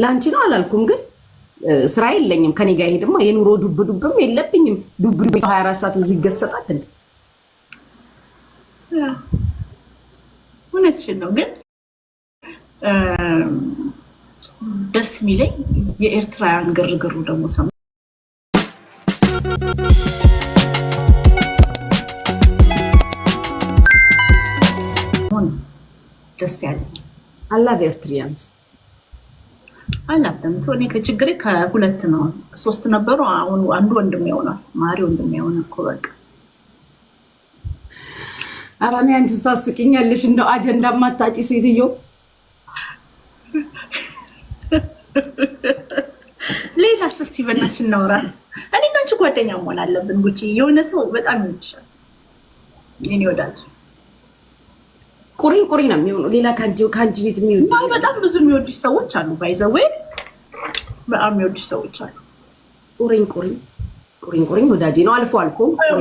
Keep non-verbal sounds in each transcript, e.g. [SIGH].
ለአንቺ ነው አላልኩም፣ ግን ስራ የለኝም ከኔ ጋር ሄድማ የኑሮ ዱብ ዱብም የለብኝም። ዱብ ዱብ 24 ሰዓት እዚህ ይገሰጣል እንዴ? እውነትሽን ነው። ግን ደስ የሚለኝ የኤርትራውያን ግርግሩ ደግሞ ሰ ደስ ያለ አላቭ ኤርትሪያንስ አላብደም እኔ ከችግሬ ከሁለት ነው ሶስት ነበሩ። አሁን አንዱ ወንድም ሆኗል። ማሪ ወንድም የሆነ እኮ በቃ ኧረ እኔ አንቺ ታስቂኛለሽ። እንደው አጀንዳ ማታጭ ሴትዮ ሌላ ስስቲ በእናትሽ እናወራ። እኔ እና ጓደኛ መሆን አለብን። ጉቺ የሆነ ሰው በጣም ይወድሻል። እኔ ይወዳል ቁሪን ቁሪ ነው የሚሆነው። ሌላ ከአንቺ ቤት የሚወድ በጣም ብዙ የሚወዱሽ ሰዎች አሉ። ባይዘዌ በጣም የሚወዱሽ ሰዎች አሉ። ቁሪን ቁሪ ቁሪን ቁሪን ወዳጄ ነው። አልፎ አልፎ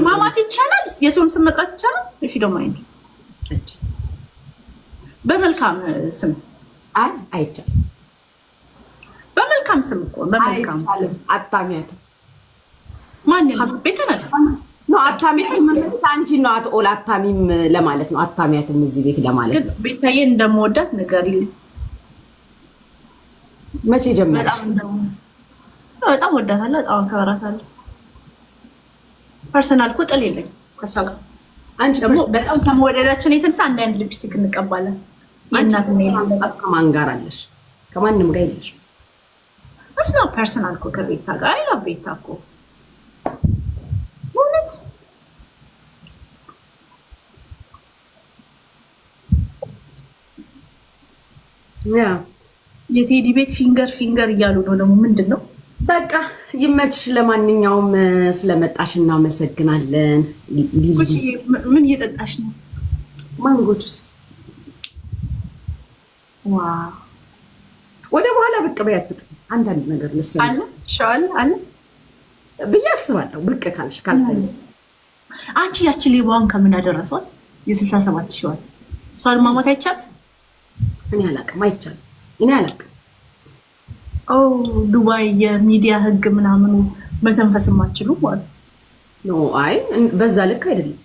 ማማት ይቻላል። የሰውን ስም መጥራት ይቻላል። ፊ ዶንት ማይንድ በመልካም ስም አይ አይቻልም። በመልካም ስም እኮ በመልካም አይቻልም። አጣሚያት ማን ቤተነ ነው አታሚያትም መመለስ አንቺ ነው አትኦል አታሚም ለማለት ነው። አታሚያትም እዚህ ቤት ለማለት ነው። ቤታዬ እንደምወዳት ንገሪልኝ። መቼ ጀመረሽ? በጣም ወዳታለሁ። በጣም አከብራታለሁ። ፐርሰናል እኮ ጥል የለኝ ከእሷ ጋር። አንቺ ደግሞ በጣም ከመወደዳችን የተነሳ አንድ አይነት ሊፕስቲክ እንቀባለን። ከማን ጋር አለሽ? ከማንም ጋር የለሽ። እስና ፐርሰናል እኮ ከቤታ ጋር አይላ ቤታ እኮ የቴዲ ቤት ፊንገር ፊንገር እያሉ ነው። ደግሞ ምንድን ነው በቃ ይመችሽ። ለማንኛውም ስለመጣሽ እናመሰግናለን። ምን እየጠጣሽ ነው? ማንጎቹስ? ወደ በኋላ ብቅ በያትጥ አንዳንድ ነገር ልሰሻል አለ ብዬ አስባለሁ። ብቅ ካልሽ ካልተ አንቺ ያችን ሌባዋን ከምን ያደረሷት የስልሳ ሰባት ሺዋል እሷን ማሞት አይቻልም። እኔ አላቅም፣ አይቻልም። እኔ አላቅም። ኦ ዱባይ የሚዲያ ህግ ምናምኑ መተንፈስ ማችሉ ማለት አይ በዛ ልክ አይደለም።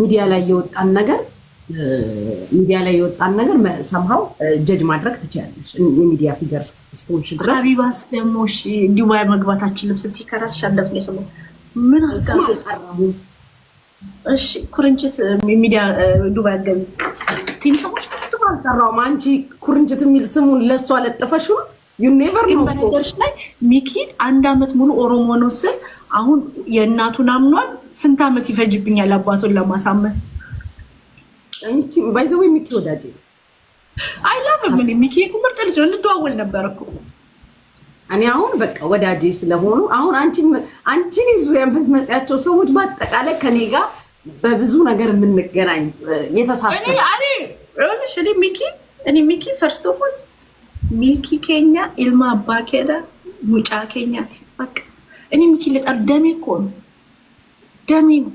ሚዲያ ላይ የወጣን ነገር ሚዲያ ላይ የወጣን ነገር ሰምሃው ጀጅ ማድረግ ትችላለች። የሚዲያ ፊገር ድረስ ሀቢባስ ደግሞ ዱባይ መግባታችን ልብስ ምን እሺ ኩርንችት ሚዲያ ዱባይ ገቢ ስቲል ሰዎች አልጠራውም። አንቺ ኩርንጅት የሚል ስሙን ለእሱ አለጥፈሽው ዩኔቨር ነው። በነገርሽ ላይ ሚኪን አንድ አመት ሙሉ ኦሮሞ ነው ስል አሁን የእናቱን አምኗል። ስንት አመት ይፈጅብኛል አባቱን ለማሳመን? ባይዘ ወይ ሚኪ ወዳጅ አይላም ምን ሚኪ ምርጥ ልጅ ነው። እንደዋወል ነበር እኮ እኔ አሁን በቃ ወዳጄ ስለሆኑ አሁን አንቺን ዙሪያ የምትመጣያቸው ሰዎች በአጠቃላይ ከኔ ጋር በብዙ ነገር የምንገናኝ የተሳሰ ይኸውልሽ እኔ ሚኪ እኔ ሚኪ ፈርስት ኦፍ ኦል ሚልኪ ኬኛ ኢልማ አባ ኬዳ ሙጫ ኬኛት በቃ እኔ ሚኪ ልጣል ደሜ እኮ ነው ደሜ ነው።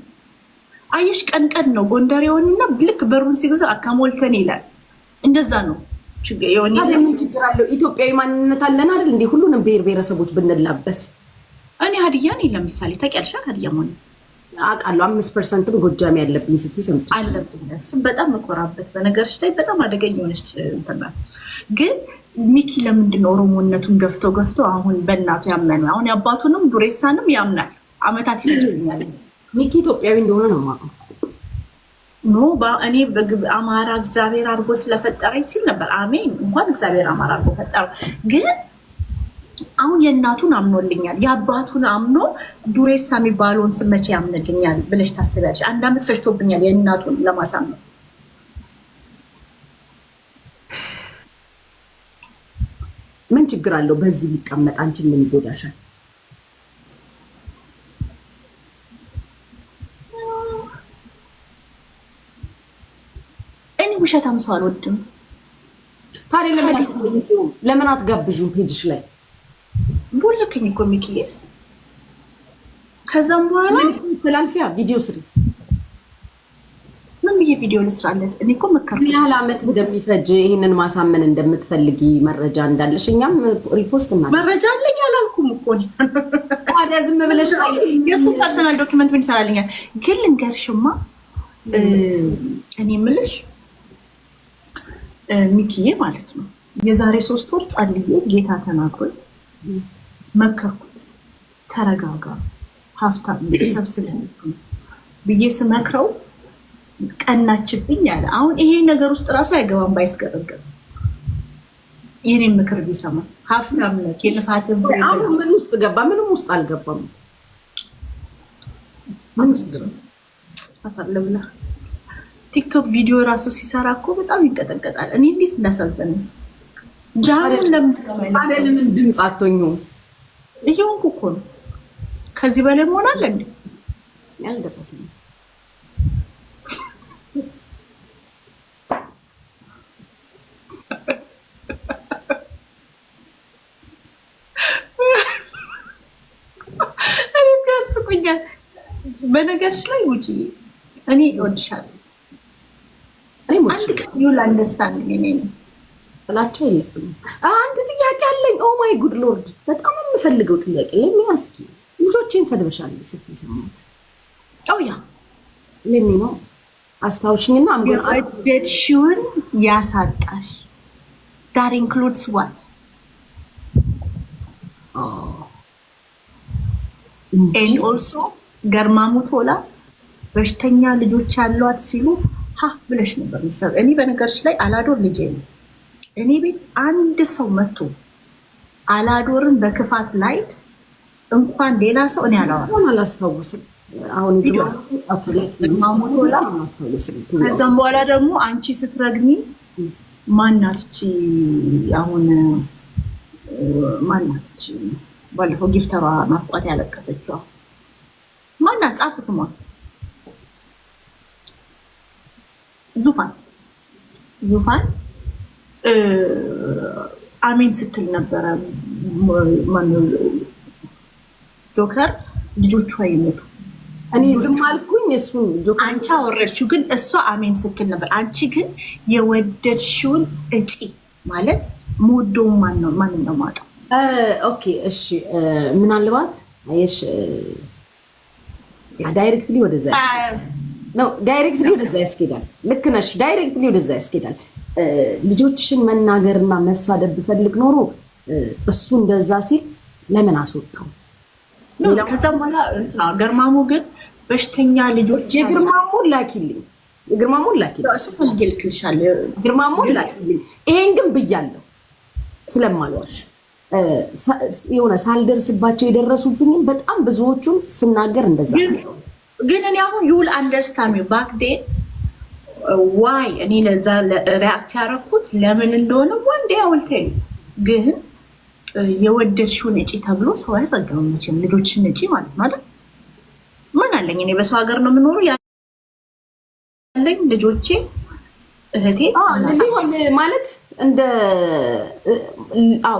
አየሽ ቀን ነው ጎንደር የሆንና ልክ በሩን ሲገዛ አካሞልተን ይላል። እንደዛ ነው ምን ችግር አለው? ኢትዮጵያዊ ማንነት አለን አይደል? እንዲህ ሁሉንም ብሔር ብሔረሰቦች ብንላበስ እኔ ሀዲያን ለምሳሌ ታውቂያለሽ ሀዲያ አውቃለሁ። አምስት ፐርሰንትም ጎጃሜ ያለብኝ ስትይ ሰምቼ አለብኝ። እሱም በጣም መኮራበት። በነገሮች ላይ በጣም አደገኝ የሆነች እንትን ናት። ግን ሚኪ ለምንድን ነው ኦሮሞነቱን ገፍቶ ገፍቶ አሁን በእናቱ ያምናል? አሁን የአባቱንም ዱሬሳንም ያምናል። አመታት ይፈጅልኛል። ሚኪ ኢትዮጵያዊ እንደሆነ ነው የማውቀው። ኖ እኔ አማራ እግዚአብሔር አድርጎ ስለፈጠረኝ ሲል ነበር። አሜን እንኳን እግዚአብሔር አማራ አድርጎ ፈጠረው ግን አሁን የእናቱን አምኖልኛል የአባቱን አምኖ ዱሬሳ የሚባለውን ስም ያምንልኛል ብለሽ ታስቢያለሽ? አንድ ዓመት ፈጅቶብኛል የእናቱን ለማሳመን። ምን ችግር አለው በዚህ ቢቀመጥ? አንቺን ምን ይጎዳሻል? እኔ ውሸታም ሰው አልወድም። ታዲያ ለምን አትጋብዥም ፔጅሽ ላይ ደወለክኝ እኮ ሚኪዬ። ከዛም በኋላ ስላልፊያ ቪዲዮ ስሪ ምን ብዬ ቪዲዮ ልስራለት? እኔ እኮ መከርኩ። ያህል አመት እንደሚፈጅ ይህንን ማሳመን እንደምትፈልጊ መረጃ እንዳለሽ እኛም ሪፖስት እና መረጃ አለኝ አላልኩም እኮ ታዲያ ዝም ብለሽ የእሱም ፐርሰናል ዶክመንት ምን ይሰራልኛል? ግን ልንገርሽማ እኔ ምልሽ ሚኪዬ ማለት ነው የዛሬ ሶስት ወር ጸልዬ ጌታ ተናግሮኝ መከርኩት። ተረጋጋ ሀብታም [CLEARS THROAT] ሰብስብ ብዬ ስመክረው ቀናችብኝ አለ። አሁን ይሄ ነገር ውስጥ ራሱ አይገባም ባይስገበገብ ይህኔን ምክር ቢሰማ ሀብታም ነክ የልፋትን አሁን ምን ውስጥ ገባ? ምንም ውስጥ አልገባም። ምን ቲክቶክ ቪዲዮ ራሱ ሲሰራ እኮ በጣም ይቀጠቀጣል። እኔ እንዴት እንዳሳዘነኝ ጃሃን ለምን ድምፅ አቶኙ እየሆንኩ እኮ ነው። ከዚህ በላይ መሆን አለ እንዴ? ያልደረስን ያስቁኛል። በነገርሽ ላይ ውጪ እኔ እወድሻለሁ። አንድ ቀን ዩል አንደርስታንድ ኔ ነው ጥላቻ የለብንም። አንድ ጥያቄ አለኝ። ኦ ማይ ጉድ ሎርድ፣ በጣም የምፈልገው ጥያቄ ለሚ አስኪ ልጆቼን ሰድበሻል ስትይ ሰማሁት። ያ ለሚ ነው አስታውሽኝና አንጎልሽውን ያሳጣሽ ዳር ኢንክሉድስ ዋት ኤን ኦልሶ ገርማሙ ቶላ በሽተኛ ልጆች ያሏት ሲሉ ሀ ብለሽ ነበር። ሚሰሩ። እኔ በነገርሽ ላይ አላዶር ልጄ ነው እኔ ቤት አንድ ሰው መጥቶ አላዶርም በክፋት ላይት እንኳን ሌላ ሰው እኔ አላወራም አላስታውስም። አሁን ከዛም በኋላ ደግሞ አንቺ ስትረግሚ ማናትቺ አሁን ማናትቺ ባለፈው ጊፍተሯ ማፍቋት ያለቀሰችዋ ማናት? ጻፉ ስሟን ዙፋን ዙፋን አሜን ስትል ነበረ። ጆከር ልጆቿ ይመጡ እኔ ዝም አልኩኝ። እሱ አንቺ አወረድሽው፣ ግን እሷ አሜን ስትል ነበር። አንቺ ግን የወደድሽውን እጪ ማለት መወደውን ማንን ነው ማጣው? ኦኬ እሺ፣ ምናልባት አየሽ፣ ዳይሬክትሊ ወደዛ ነው፣ ዳይሬክትሊ ወደዛ ያስኬዳል። ልክ ነሽ፣ ዳይሬክትሊ ወደዛ ያስኬዳል። ልጆችሽን መናገርና መሳደብ ብፈልግ ኖሮ እሱ እንደዛ ሲል ለምን አስወጣው? ከዛ በኋላ ገርማሙ ግን በሽተኛ ልጆች የግርማሙን ላኪልኝ፣ የግርማሙን ላኪልኝ፣ እሱ ግርማሙን ላኪልኝ። ይሄን ግን ብያለሁ ስለማልዋሽ የሆነ ሳልደርስባቸው የደረሱብኝም በጣም ብዙዎቹን ስናገር እንደዛ ግን እኔ አሁን ዩል አንደርስታሚ ባክዴ ዋይ እኔ ለዛ ሪያክት ያደረኩት ለምን እንደሆነ ወንድ ያውልተኝ ግን የወደድሽውን እጪ ተብሎ ሰው አይረገምም። መቼም ልጆችን እጪ ማለት ነው አይደል? ምን አለኝ እኔ በሰው ሀገር ነው የምኖሩ ያለኝ ልጆቼ፣ እህቴ ሊሆን ማለት እንደ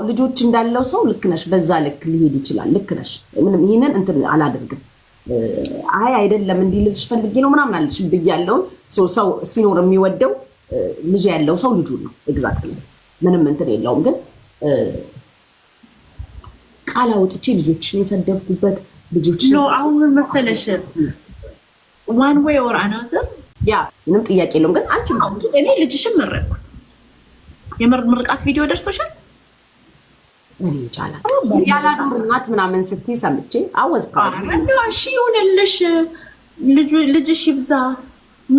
ልጆች እንዳለው ሰው ልክ ነሽ፣ በዛ ልክ ሊሄድ ይችላል። ልክ ነሽ። ምንም ይህንን እንትን አላደርግም። አይ አይደለም እንዲልልሽ ፈልጌ ነው ምናምን አለሽ ብያለውን ሰው ሲኖር የሚወደው ልጅ ያለው ሰው ልጁ ነው። ኤግዛክት ምንም እንትን የለውም። ግን ቃል አውጥቼ ልጆችን የሰደብኩበት ልጆች አሁን መሰለሽ ዋን ወይ ኦር አናዘር ያ ምንም ጥያቄ የለውም። ግን አንቺ እኔ ልጅሽን መረጥኩት። የምርቃት ቪዲዮ ደርሶሻል? ምን ይቻላል ያላዶር እናት ምናምን ስትይ ሰምቼ አወዝ ሺ ይሁንልሽ፣ ልጅሽ ይብዛ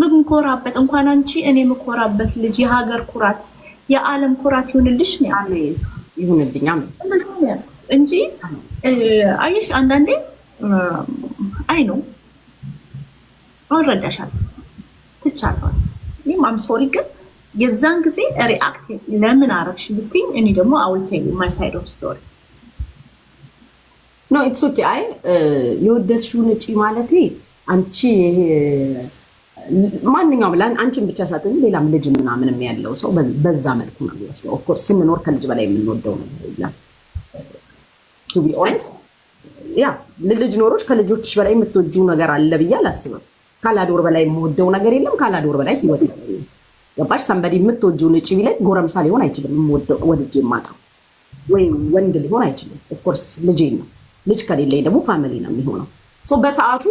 ምንኮራበት እንኳን አንቺ እኔ ምኮራበት ልጅ የሀገር ኩራት የዓለም ኩራት ይሁንልሽ ነው። ይሁንልኝ። እንጂ አየሽ፣ አንዳንዴ አይ ነው አረዳሻለሁ፣ ትቻለዋል። እኔም አም ሶሪ፣ ግን የዛን ጊዜ ሪአክት ለምን አረግሽ ብትይኝ፣ እኔ ደግሞ አውልቴ ማይ ሳይድ ኦፍ ስቶሪ ኖ ኢትስ ኦኬ። አይ የወደድሽውን ውጪ ማለቴ አንቺ ማንኛውም አንቺን ብቻ ሳትሆን ሌላም ልጅ ምናምንም ያለው ሰው በዛ መልኩ ነው የሚመስለው። ኦፍኮርስ ስንኖር ከልጅ በላይ የምንወደው ነው ኦነስት ያ ልጅ ኖሮች ከልጆች በላይ የምትወጁ ነገር አለ ብዬ አላስብም። ካላዶር በላይ የምወደው ነገር የለም። ካላዶር በላይ ህይወት የለም። ገባሽ? ሰንበዲ የምትወጁ ንጭ ቢላይ ጎረምሳ ሊሆን አይችልም። ወድጄ የማውቀው ወይም ወንድ ሊሆን አይችልም። ኦፍኮርስ ልጄ ነው። ልጅ ከሌለኝ ደግሞ ፋሚሊ ነው የሚሆነው በሰዓቱ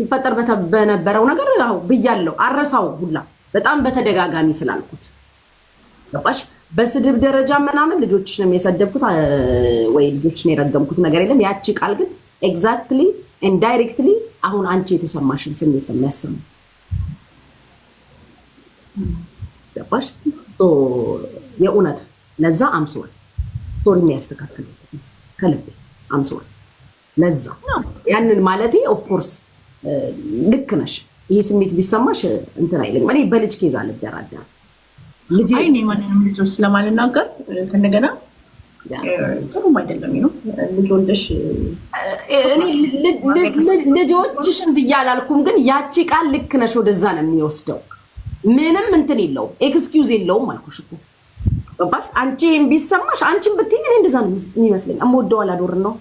ሲፈጠር በነበረው ነገር ብያለው አረሳው ሁላ በጣም በተደጋጋሚ ስላልኩት ገባሽ። በስድብ ደረጃ ምናምን ልጆች ነው የሰደብኩት ወይ ልጆች ነው የረገምኩት ነገር የለም። ያቺ ቃል ግን ኤግዛክትሊ ኢንዳይሬክትሊ አሁን አንቺ የተሰማሽን ስሜት የሚያሰሙ ገባሽ። የእውነት ለዛ አምስዋል ሶሪ የሚያስተካክል ከልቤ አምስዋል ለዛ ያንን ማለቴ ኦፍኮርስ ልክ ነሽ። ይህ ስሜት ቢሰማሽ እንትን አይልም። እኔ በልጅ ኬዝ አልደራደርም። ልጅ እኔ ማንንም ልጆች ስለማልናገር ከእንደገና ጥሩም አይደለም ነው ልጅ ወልደሽ ልጆችሽን ብዬ አላልኩም፣ ግን ያቺ ቃል ልክ ነሽ ወደዛ ነው የሚወስደው። ምንም እንትን የለውም ኤክስኪውዝ የለውም አልኩሽ እኮ ገባሽ? አንቺ ቢሰማሽ አንቺን ብትይኝ እኔ እንደዛ ነው የሚመስለኝ። እምወደው አላዶርን ነው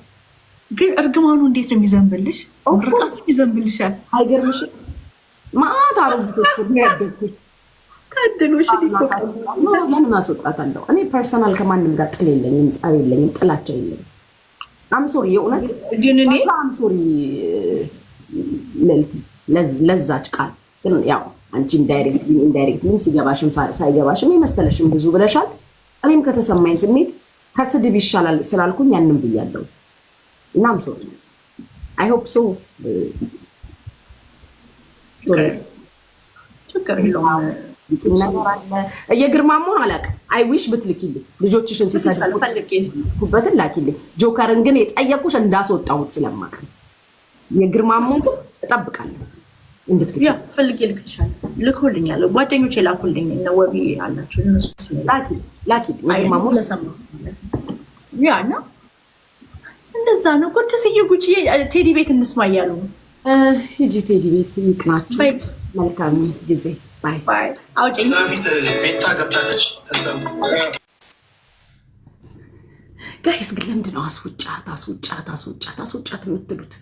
ግን እርግማኑ እንዴት ነው የሚዘንብልሽ? ርቃስ ይዘንብልሻል። አይገርምሽ? ማታ አረጉቶች ያደጉት ከድሎሽ ለምን አስወጣታለሁ? እኔ ፐርሰናል ከማንም ጋር ጥል የለኝም፣ ጸብ የለኝም፣ ጥላቻ የለኝም። አምሶሪ የእውነት ግን አምሶሪ ለልቲ ለዛች ቃል ግን ያው አንቺ ዳይሬክት ኢንዳይሬክት ምን ሲገባሽም ሳይገባሽም የመሰለሽም ብዙ ብለሻል። እኔም ከተሰማኝ ስሜት ከስድብ ይሻላል ስላልኩኝ ያንም ብያለሁ። እናም ሰው አይ ሆፕ ሶ የግርማ መሆን አላውቅም። አይ ዊሽ ብትልኪልኝ ልጆችሽን ሲሰድቡበትን ላኪልኝ። ጆከርን ግን የጠየቁሽ እንዳስወጣሁት ስለማቅ የግርማ መሆን ግን እጠብቃለሁ ልክልሻለሁ። ጓደኞች የላኩልኝ አላቸው ላኪልኝ ላኪልኝ መሆን ለሰማ ያ ነው እንደዛ ነው። ቅድስዬ ጉቺዬ ቴዲ ቤት እንስማ እያሉ ሂጂ ቴዲ ቤት ይቅናችሁ። መልካም ጊዜ። አውጭኝ ቤታ ገብታለች። ጋይስ ግን ለምንድን ነው አስውጫት አስውጫት አስውጫት አስውጫት የምትሉት?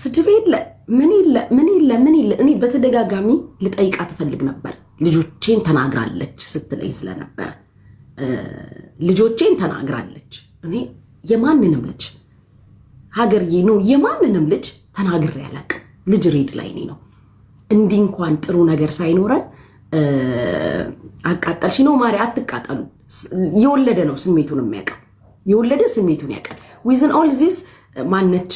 ስድብ የለ ምን የለ ምን የለ ምን የለ። እኔ በተደጋጋሚ ልጠይቃት እፈልግ ነበር። ልጆቼን ተናግራለች ስትለኝ ስለነበረ ልጆቼን ተናግራለች። እኔ የማንንም ልጅ ሀገርዬ ነው። የማንንም ልጅ ተናግሬ አላውቅም። ልጅ ሬድ ላይ እኔ ነው እንዲህ እንኳን ጥሩ ነገር ሳይኖረን አቃጠልሽ ነው ማሪ፣ አትቃጠሉ። የወለደ ነው ስሜቱን የሚያውቀው የወለደ ስሜቱን ያውቃል። ዊዝን ኦል ዚስ ማነች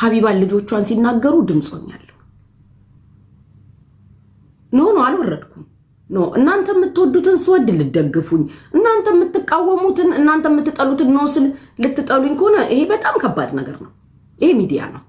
ሀቢባን ልጆቿን ሲናገሩ ድምፆኛለሁ። ኖ ኖ አልወረድኩም ኖ እናንተ የምትወዱትን ስወድ ልደግፉኝ፣ እናንተ የምትቃወሙትን እናንተ የምትጠሉትን ኖስል ስል ልትጠሉኝ ከሆነ ይሄ በጣም ከባድ ነገር ነው። ይሄ ሚዲያ ነው።